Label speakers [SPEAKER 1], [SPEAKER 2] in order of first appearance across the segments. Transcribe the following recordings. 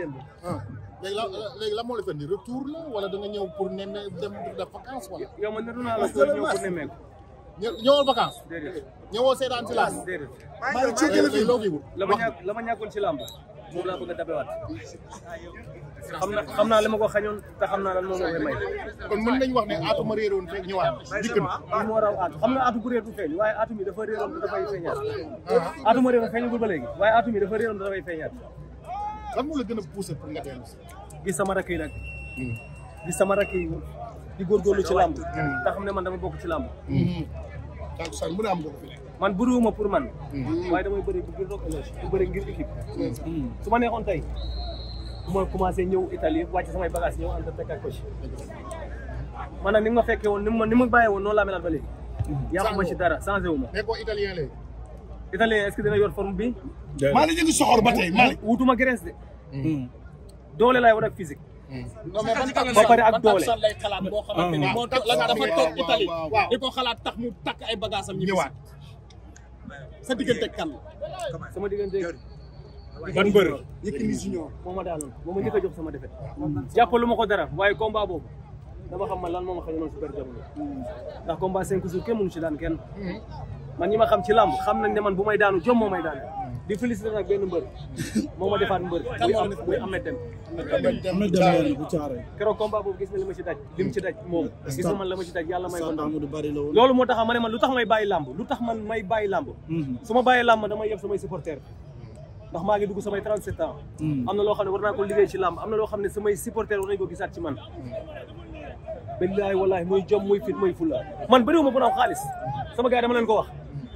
[SPEAKER 1] démb. Ah. léegi la léegi la moo la fekk retour la wala da nga ñëw pour nemme dem def vacance wala. yow man netoon naa la góor ñëw pour nemmeeku. ñëwoon vacance. déedéet ñëwoo seetaan ci làmb. déedéet la ma ñàkk la ma ñàkkoon ci làmb moom laa bëgg a dabewaat. xam na xam naa li ma ko xañoon te xam naa lan moom moo koy may. kon mën nañu wax ne aatu ma réeroon feeg ñëwaat dikk na. li mu war a aatu xam nga aatu bu réer feeñaat. Ah. aatu ma réeroon feeñagul léegi waaye aatu mi dafa réeroon dafay feeñaat. lan moo gën a poussé pour nga dellu si. gis sama rakk yi nag. Hmm. gis sama rakk yi di ci làmb. nga hmm. xam ne man dama bokk ci làmb. donc sax mën am góorgóorlu. man bëriwuma pour man. Hmm. waaye damay bëri bu gën a bu bëri ngir équipe. su ma neexoon tey bu ma commencé ñëw Italie wàcc samay bagages ñëw ànd ak ak coach. maanaam ni ma a woon ni ma ni ma bàyyee woon noonu laa melaat ba léegi. ma ci dara changé wu ma. italien est-ce que dina yor forme bi. maa ngi jënd soxor ba tey wutuma graisse de. Hmm. doole laay war ak physique. Hmm. non ba pare ak doole lay xalaat boo xamante ni hmm. moo tax dafa toog ko xalaat tax mu takk ay bagaasam ñëwaat sa diggante kan sama diggante ban mbër Yékini Junior moo ma daaloon moo ma njëkk a jox sama defet jàppalu ma ko dara waaye combat boobu dama xam man lan moo ma xañoon super jamono ndax combat cinq jours kenn mënu ci daan kenn man ñi ma xam ci làmb xam nañ ne man bu may daanu jom moo may daanu di féliciter nag benn mbër moo ma defaat mbër muy Ahmed Deme keroog combat boobu gis na li ma ci daj li mu ci daj moom gis na man la ma ci daj yàlla may ko loolu moo tax ma ne man lu tax may bàyyi làmb lu tax man may bàyyi làmb mhm. su ma bàyyi làmb damay yeb samay supporter ndax maa ngi dugg samay 37 ans mhm. am na loo xam ne war naa ko liggéey ci làmb am na loo xam ne samay supporter war nañ ko gisaat ci man mhm. billaay wallaay muy jom muy fit muy fulla man bëriwuma bu am xaalis sama gars dama leen ko wax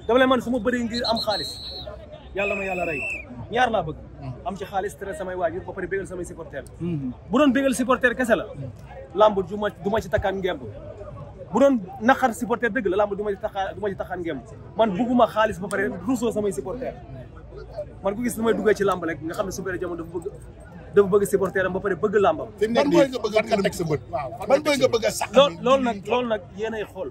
[SPEAKER 1] dama lay man su ma bëree ngir am xaalis yàlla ma yàlla rey ñaar laa bëgg hmm. am ci xaalis tere samay waajur ba pare bégal samay supporter hmm. bu doon bégal supporter kese la hmm. lamb du ma du ma ci takkaan ngemb bu doon naqar supporter dëgg la lamb du ma ci taxaa du ma ci man bugguma xaalis ba pare ruusoo samay supporter man ku gis nu may duggee ci lamb rek nga xam ne Super Diamond dafa bëgg dafa bëgg supporteram ba pare bëgg lambam. fi mu nekk nii fan nga teg sa bët. waaw fan nga teg sa loolu nag loolu nag yéenay xool.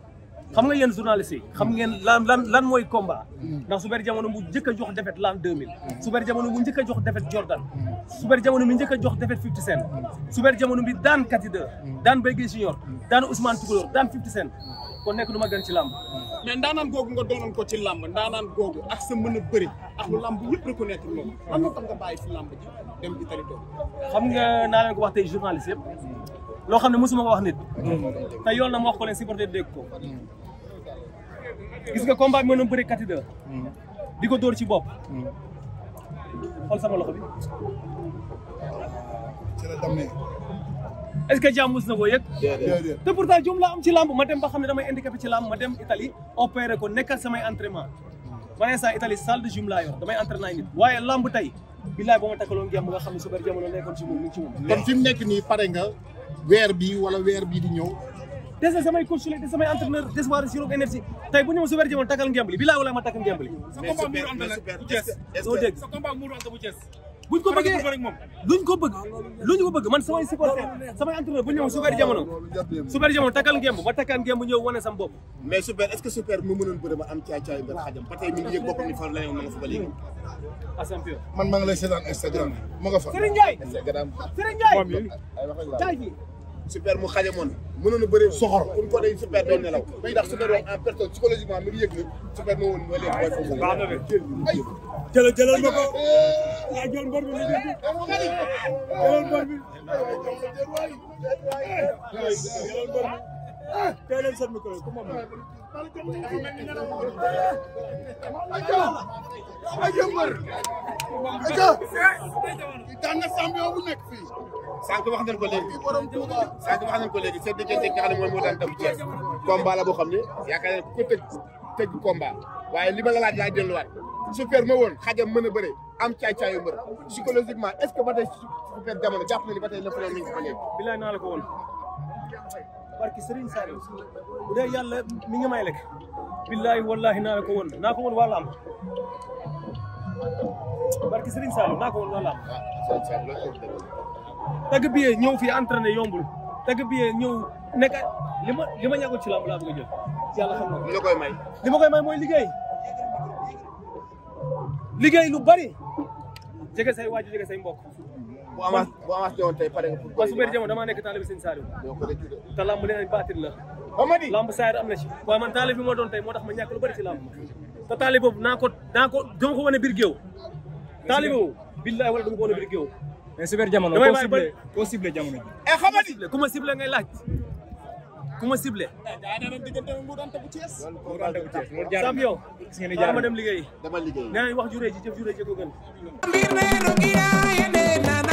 [SPEAKER 1] xam nga yenn journaliste yi xam ngeen lan lan lan mooy combat mm. ndax Super Jamono bu njëkk a jox defet l'an 2000 mm. Super Jamono bu njëkk a jox defet Jordan mm. Super Jamono bi njëkk a jox defet 50 Cent Super Jamono bi daan Katideur daan Mbaye Guèye Junior daan Ousmane Toucouleur daan 50 Cent kon nekk du ma gën ci làmb mais ndaanaan googu nga doonoon ko ci làmb ndaanaan googu ak sa mën a bëri ak lu làmb yëpp reconnaître loolu am na nga bàyyi fi làmb ji dem bi xam nga naa leen ko wax tey journaliste yëpp loo xam ne mosuma wax nit te yoon na ma wax ko leen gis nga combat bi mën na bëri kati de di ko dóor ci bopp. Hmm. xool sama loxo bi. la dam ne. est-ce que jàmm mus na ko yëg. te pourtant jom laa am ci làmb ma dem ba xam ne damay handicapé ci làmb ma dem Italie opéré ko nekkal samay entraînement. Hmm. ma ne saa Italie salle de gym laa damay entraîné nit waaye làmb tey billaay ba ma takkaloo ngeen nga xam ne super jamono nekkoon ci moom nekk nii pare nga weer bi wala weer bii di ñëw. des na samay coach la des samay entraîneur d'espoir si roog énergie tey bu ñu ma super jëmoon takkal ngemb li bilaa wala ma takkal ngemb li soo dégg buñ ko bëggee luñ ko bëgg luñ ko bëgg man samay supporter samay entraîneur bu ñëw super jamono super jamono takkal ngemb ma takkal ngemb ñëw wane sam bopp mais super est-ce que super mu mënoon bëri ma am caay-caay nga xajam ba tey mi ngi yëg boppam ni fa la ma nga fa ba léegi asampion ah, man maa ngi lay seetaan Instagram ma nga fa Serigne Ndiaye Serigne Ndiaye super mu xajamoon mënoon a bëree soxor kun ko day super doon nelaw ndax super doon en personne psychologiquement mi super na woon ba léegi booy foofu baax na ay jël jëlal ma ko laa jël mbor bi jëlal mbor bi jëlal mbor bi tey leen seen micro ku aca aca mbër aca daan na champion bu nekk fii sànq wax nañ ko léegi sànq wax nañ ko léegi seen diggante nga xam ne mooy moo daan dabu Thiès combat la boo xam ne yaakaar naa ku tëj tëj combat waaye li ma la laaj laay delluwaat super ma woon xajam mën a am caay-caayu mbër psychologiquement est-ce que ba tey super jamono jàpp na ni ba tey lëkkaloo mi ko fa bilaay naa la ko woon barki Serigne Saliou bu dee yàlla mi ngi may billaahi wallaahi naa ko woon naa ko woon waa lamb barki Serigne Saliou naa ko woon waa lamb biyee ñëw fii entraîné yombul tagg biyee ñëw nekk li ma li ma ñàkkul ci lamb laa bëgg yàlla xam na koy may li ma mooy liggéey lu bari jege say waaju jege bu avance bu avance woon tey pare nga pour. damaa nekk taalibi sëñ Saliou. ñoo ko rëccu de. te la. Amady lamb saayir am na ci. waaye moo doon tey moo tax ma ñàkk lu bëri ci lamb ma. te taalib boobu naa ko naa ko dama ko wane biir géew. taalib boobu billaay wala dama ko wane biir géew. mais su bëri jamono koo ciblé koo ciblé jamono ji. eh ma ciblé ngay laaj. ku ma ciblé. Eh, daa ne leen diggante mu doon tegu Thiès. mu doon wax juree ji jëf gën.